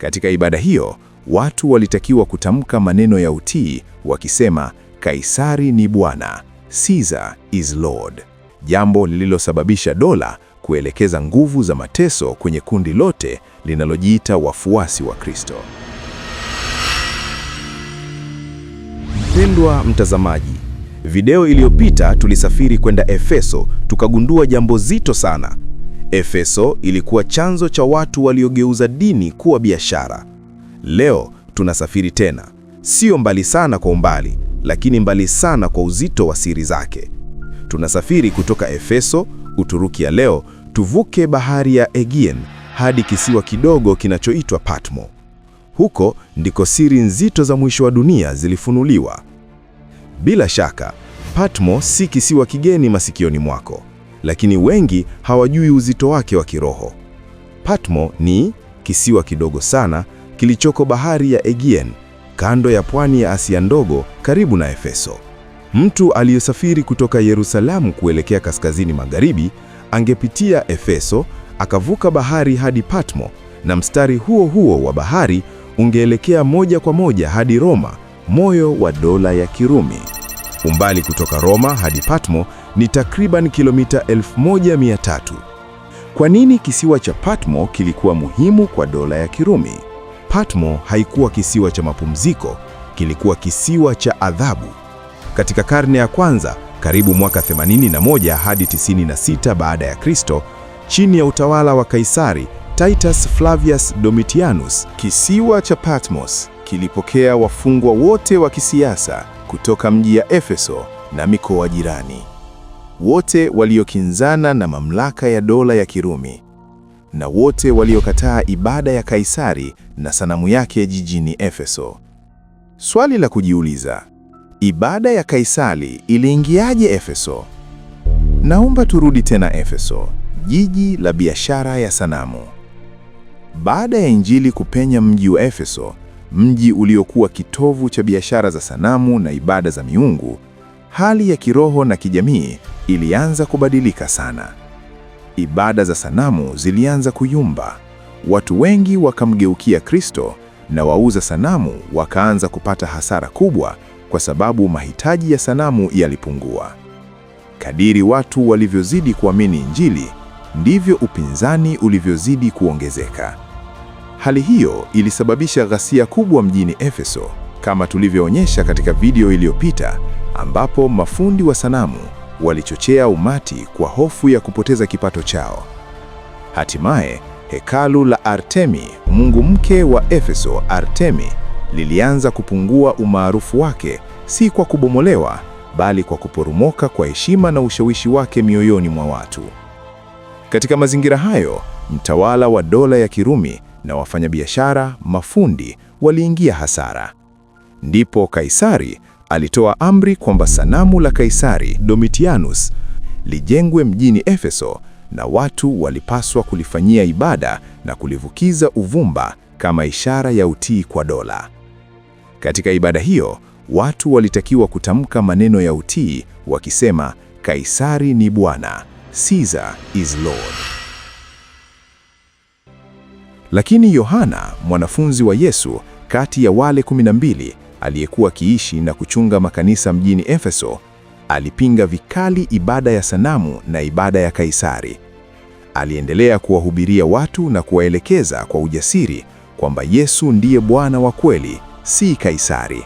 Katika ibada hiyo, watu walitakiwa kutamka maneno ya utii wakisema, Kaisari ni bwana, Caesar is lord, jambo lililosababisha dola kuelekeza nguvu za mateso kwenye kundi lote linalojiita wafuasi wa Kristo. Mpendwa mtazamaji, video iliyopita tulisafiri kwenda Efeso tukagundua jambo zito sana. Efeso ilikuwa chanzo cha watu waliogeuza dini kuwa biashara. Leo tunasafiri tena, sio mbali sana kwa umbali, lakini mbali sana kwa uzito wa siri zake. Tunasafiri kutoka Efeso, Uturuki ya leo, tuvuke bahari ya Aegean hadi kisiwa kidogo kinachoitwa Patmo. Huko ndiko siri nzito za mwisho wa dunia zilifunuliwa. Bila shaka, Patmo si kisiwa kigeni masikioni mwako lakini wengi hawajui uzito wake wa kiroho. Patmo ni kisiwa kidogo sana kilichoko bahari ya Aegean, kando ya pwani ya Asia ndogo karibu na Efeso. Mtu aliyesafiri kutoka Yerusalemu kuelekea kaskazini magharibi angepitia Efeso, akavuka bahari hadi Patmo, na mstari huo huo wa bahari ungeelekea moja kwa moja hadi Roma, moyo wa dola ya Kirumi. Umbali kutoka Roma hadi Patmo ni takriban kilomita 1300. Kwa nini kisiwa cha Patmo kilikuwa muhimu kwa dola ya Kirumi? Patmo haikuwa kisiwa cha mapumziko, kilikuwa kisiwa cha adhabu. Katika karne ya kwanza, karibu mwaka 81 hadi 96 baada ya Kristo, chini ya utawala wa Kaisari Titus Flavius Domitianus, kisiwa cha Patmos kilipokea wafungwa wote wa kisiasa kutoka mji ya Efeso na mikoa jirani wote waliokinzana na mamlaka ya dola ya Kirumi na wote waliokataa ibada ya Kaisari na sanamu yake jijini Efeso. Swali la kujiuliza, ibada ya Kaisari iliingiaje Efeso? Naomba turudi tena Efeso, jiji la biashara ya sanamu. Baada ya Injili kupenya mji wa Efeso, mji uliokuwa kitovu cha biashara za sanamu na ibada za miungu, hali ya kiroho na kijamii ilianza kubadilika sana. Ibada za sanamu zilianza kuyumba, watu wengi wakamgeukia Kristo na wauza sanamu wakaanza kupata hasara kubwa, kwa sababu mahitaji ya sanamu yalipungua. Kadiri watu walivyozidi kuamini Injili, ndivyo upinzani ulivyozidi kuongezeka. Hali hiyo ilisababisha ghasia kubwa mjini Efeso, kama tulivyoonyesha katika video iliyopita, ambapo mafundi wa sanamu walichochea umati kwa hofu ya kupoteza kipato chao. Hatimaye hekalu la Artemi, mungu mke wa Efeso, Artemi, lilianza kupungua umaarufu wake, si kwa kubomolewa, bali kwa kuporomoka kwa heshima na ushawishi wake mioyoni mwa watu. Katika mazingira hayo, mtawala wa dola ya Kirumi na wafanyabiashara, mafundi waliingia hasara. Ndipo Kaisari alitoa amri kwamba sanamu la Kaisari Domitianus lijengwe mjini Efeso na watu walipaswa kulifanyia ibada na kulivukiza uvumba kama ishara ya utii kwa dola. Katika ibada hiyo, watu walitakiwa kutamka maneno ya utii wakisema, Kaisari ni bwana, Caesar is Lord. Lakini Yohana, mwanafunzi wa Yesu, kati ya wale 12 aliyekuwa akiishi na kuchunga makanisa mjini Efeso, alipinga vikali ibada ya sanamu na ibada ya Kaisari. Aliendelea kuwahubiria watu na kuwaelekeza kwa ujasiri kwamba Yesu ndiye Bwana wa kweli, si Kaisari.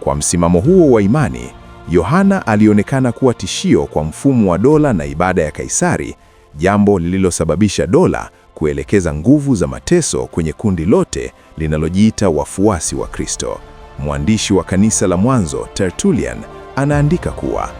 Kwa msimamo huo wa imani, Yohana alionekana kuwa tishio kwa mfumo wa dola na ibada ya Kaisari, jambo lililosababisha dola kuelekeza nguvu za mateso kwenye kundi lote linalojiita wafuasi wa Kristo. Mwandishi wa kanisa la mwanzo Tertullian anaandika kuwa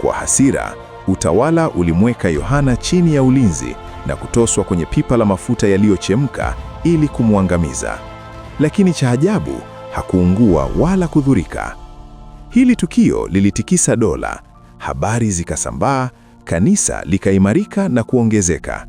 kwa hasira utawala ulimweka Yohana chini ya ulinzi na kutoswa kwenye pipa la mafuta yaliyochemka ili kumwangamiza, lakini cha ajabu hakuungua wala kudhurika. Hili tukio lilitikisa dola, habari zikasambaa, kanisa likaimarika na kuongezeka.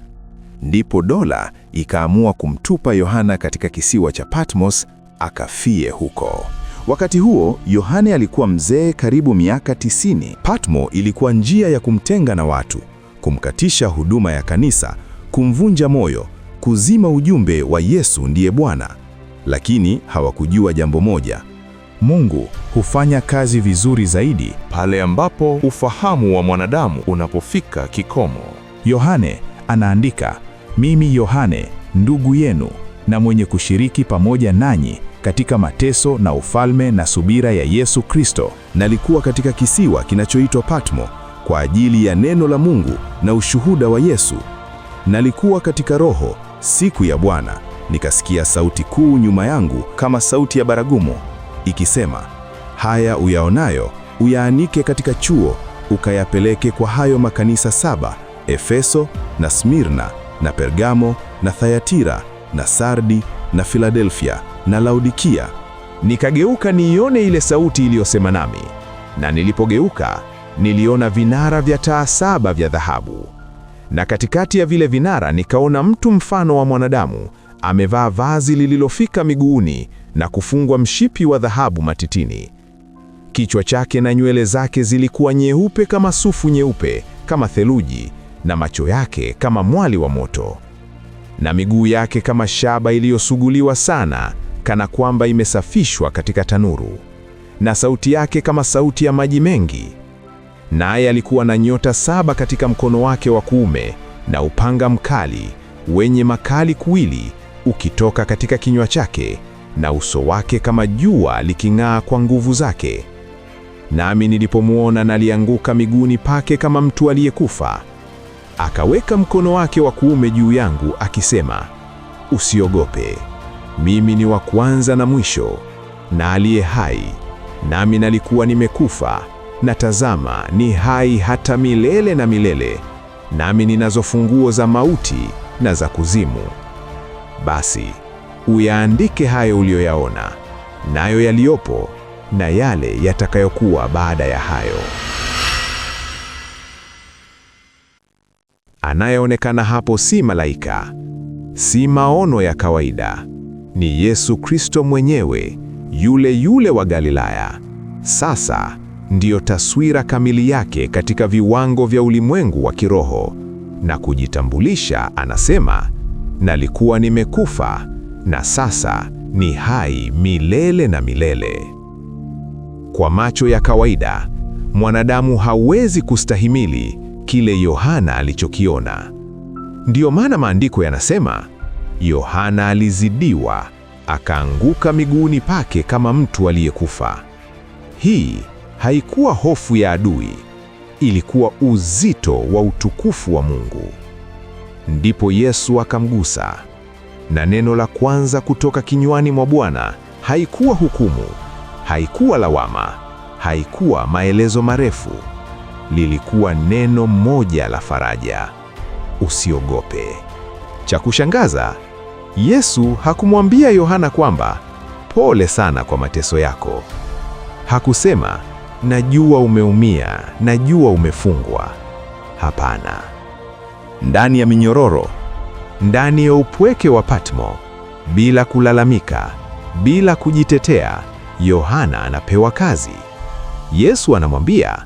Ndipo dola ikaamua kumtupa Yohana katika kisiwa cha Patmos akafie huko. Wakati huo Yohane alikuwa mzee karibu miaka tisini Patmo ilikuwa njia ya kumtenga na watu, kumkatisha huduma ya kanisa, kumvunja moyo, kuzima ujumbe wa Yesu ndiye Bwana. Lakini hawakujua jambo moja. Mungu hufanya kazi vizuri zaidi pale ambapo ufahamu wa mwanadamu unapofika kikomo. Yohane anaandika, mimi Yohane ndugu yenu na mwenye kushiriki pamoja nanyi katika mateso na ufalme na subira ya Yesu Kristo, na katika kisiwa kinachoitwa Patmo kwa ajili ya neno la Mungu na ushuhuda wa Yesu. Nalikuwa katika Roho siku ya Bwana, nikasikia sauti kuu nyuma yangu kama sauti ya baragumu ikisema, haya uyaonayo uyaanike katika chuo, ukayapeleke kwa hayo makanisa saba: Efeso na Smirna na Pergamo na Thyatira na Sardi na Filadelfia na Laodikia. Nikageuka niione ile sauti iliyosema nami, na nilipogeuka niliona vinara vya taa saba vya dhahabu, na katikati ya vile vinara nikaona mtu mfano wa mwanadamu amevaa vazi lililofika miguuni na kufungwa mshipi wa dhahabu matitini. Kichwa chake na nywele zake zilikuwa nyeupe kama sufu nyeupe kama theluji, na macho yake kama mwali wa moto, na miguu yake kama shaba iliyosuguliwa sana, kana kwamba imesafishwa katika tanuru, na sauti yake kama sauti ya maji mengi. Naye alikuwa na nyota saba katika mkono wake wa kuume, na upanga mkali wenye makali kuwili ukitoka katika kinywa chake, na uso wake kama jua liking'aa kwa nguvu zake. Nami nilipomwona nalianguka miguuni pake kama mtu aliyekufa. Akaweka mkono wake wa kuume juu yangu akisema, usiogope mimi ni wa kwanza na mwisho na aliye hai, nami nalikuwa nimekufa, na tazama ni hai hata milele na milele, nami ninazo funguo za mauti na za kuzimu. Basi uyaandike hayo uliyoyaona, nayo yaliyopo, na yale yatakayokuwa baada ya hayo. Anayeonekana hapo si malaika, si maono ya kawaida ni Yesu Kristo mwenyewe, yule yule wa Galilaya. Sasa ndiyo taswira kamili yake katika viwango vya ulimwengu wa kiroho. Na kujitambulisha, anasema nalikuwa nimekufa na sasa ni hai milele na milele. Kwa macho ya kawaida, mwanadamu hawezi kustahimili kile Yohana alichokiona. Ndiyo maana maandiko yanasema Yohana alizidiwa, akaanguka miguuni pake kama mtu aliyekufa. Hii haikuwa hofu ya adui, ilikuwa uzito wa utukufu wa Mungu. Ndipo Yesu akamgusa, na neno la kwanza kutoka kinywani mwa Bwana haikuwa hukumu, haikuwa lawama, haikuwa maelezo marefu. Lilikuwa neno moja la faraja: usiogope. Cha kushangaza Yesu hakumwambia Yohana kwamba pole sana kwa mateso yako. Hakusema najua umeumia, najua umefungwa. Hapana. Ndani ya minyororo, ndani ya upweke wa Patmo, bila kulalamika, bila kujitetea, Yohana anapewa kazi. Yesu anamwambia,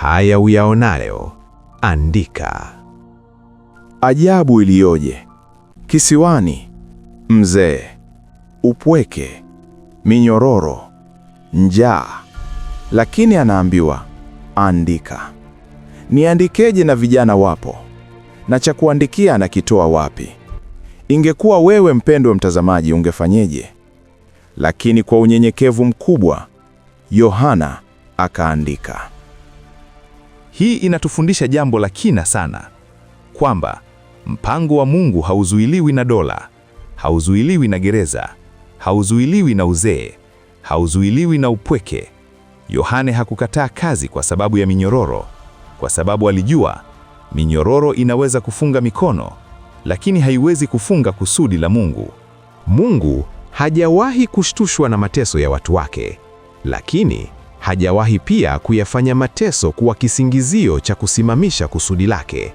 haya uyaonayo andika. Ajabu iliyoje! Kisiwani mzee, upweke, minyororo, njaa. Lakini anaambiwa andika. Niandikeje na vijana wapo? Na cha kuandikia anakitoa wapi? Ingekuwa wewe mpendwa mtazamaji, ungefanyeje? Lakini kwa unyenyekevu mkubwa, Yohana akaandika. Hii inatufundisha jambo la kina sana, kwamba mpango wa Mungu hauzuiliwi na dola hauzuiliwi na gereza, hauzuiliwi na uzee, hauzuiliwi na upweke. Yohane hakukataa kazi kwa sababu ya minyororo, kwa sababu alijua minyororo inaweza kufunga mikono, lakini haiwezi kufunga kusudi la Mungu. Mungu hajawahi kushtushwa na mateso ya watu wake, lakini hajawahi pia kuyafanya mateso kuwa kisingizio cha kusimamisha kusudi lake.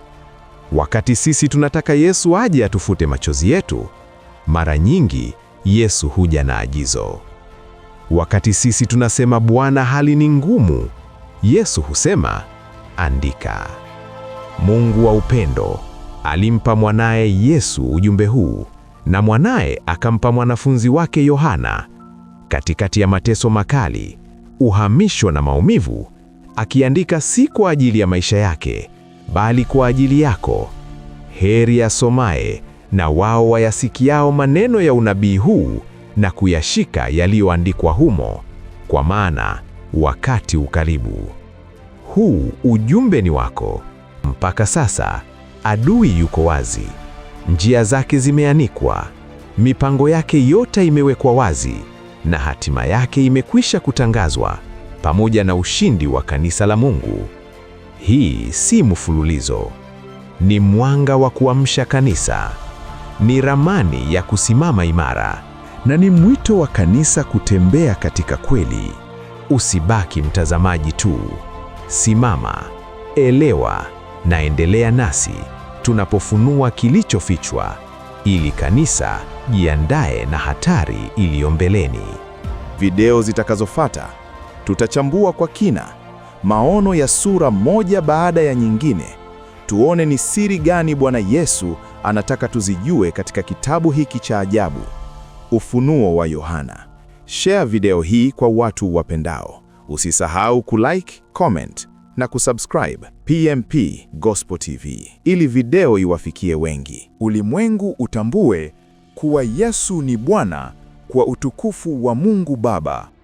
Wakati sisi tunataka Yesu aje atufute machozi yetu, mara nyingi Yesu huja na agizo. Wakati sisi tunasema Bwana, hali ni ngumu, Yesu husema andika. Mungu wa upendo alimpa mwanaye Yesu ujumbe huu, na mwanaye akampa mwanafunzi wake Yohana. Katikati ya mateso makali, uhamisho na maumivu, akiandika si kwa ajili ya maisha yake, bali kwa ajili yako. Heri asomaye na wao wayasikiao maneno ya unabii huu na kuyashika yaliyoandikwa humo, kwa maana wakati ukaribu. Huu ujumbe ni wako. Mpaka sasa adui yuko wazi, njia zake zimeanikwa, mipango yake yote imewekwa wazi, na hatima yake imekwisha kutangazwa pamoja na ushindi wa kanisa la Mungu. Hii si mfululizo, ni mwanga wa kuamsha kanisa ni ramani ya kusimama imara na ni mwito wa kanisa kutembea katika kweli. Usibaki mtazamaji tu, simama, elewa na endelea nasi tunapofunua kilichofichwa, ili kanisa jiandae na hatari iliyo mbeleni. Video zitakazofuata tutachambua kwa kina maono ya sura moja baada ya nyingine, tuone ni siri gani Bwana Yesu anataka tuzijue katika kitabu hiki cha ajabu, Ufunuo wa Yohana. Share video hii kwa watu wapendao. Usisahau kulike, comment na kusubscribe PMP Gospel TV ili video iwafikie wengi. Ulimwengu utambue kuwa Yesu ni Bwana kwa utukufu wa Mungu Baba.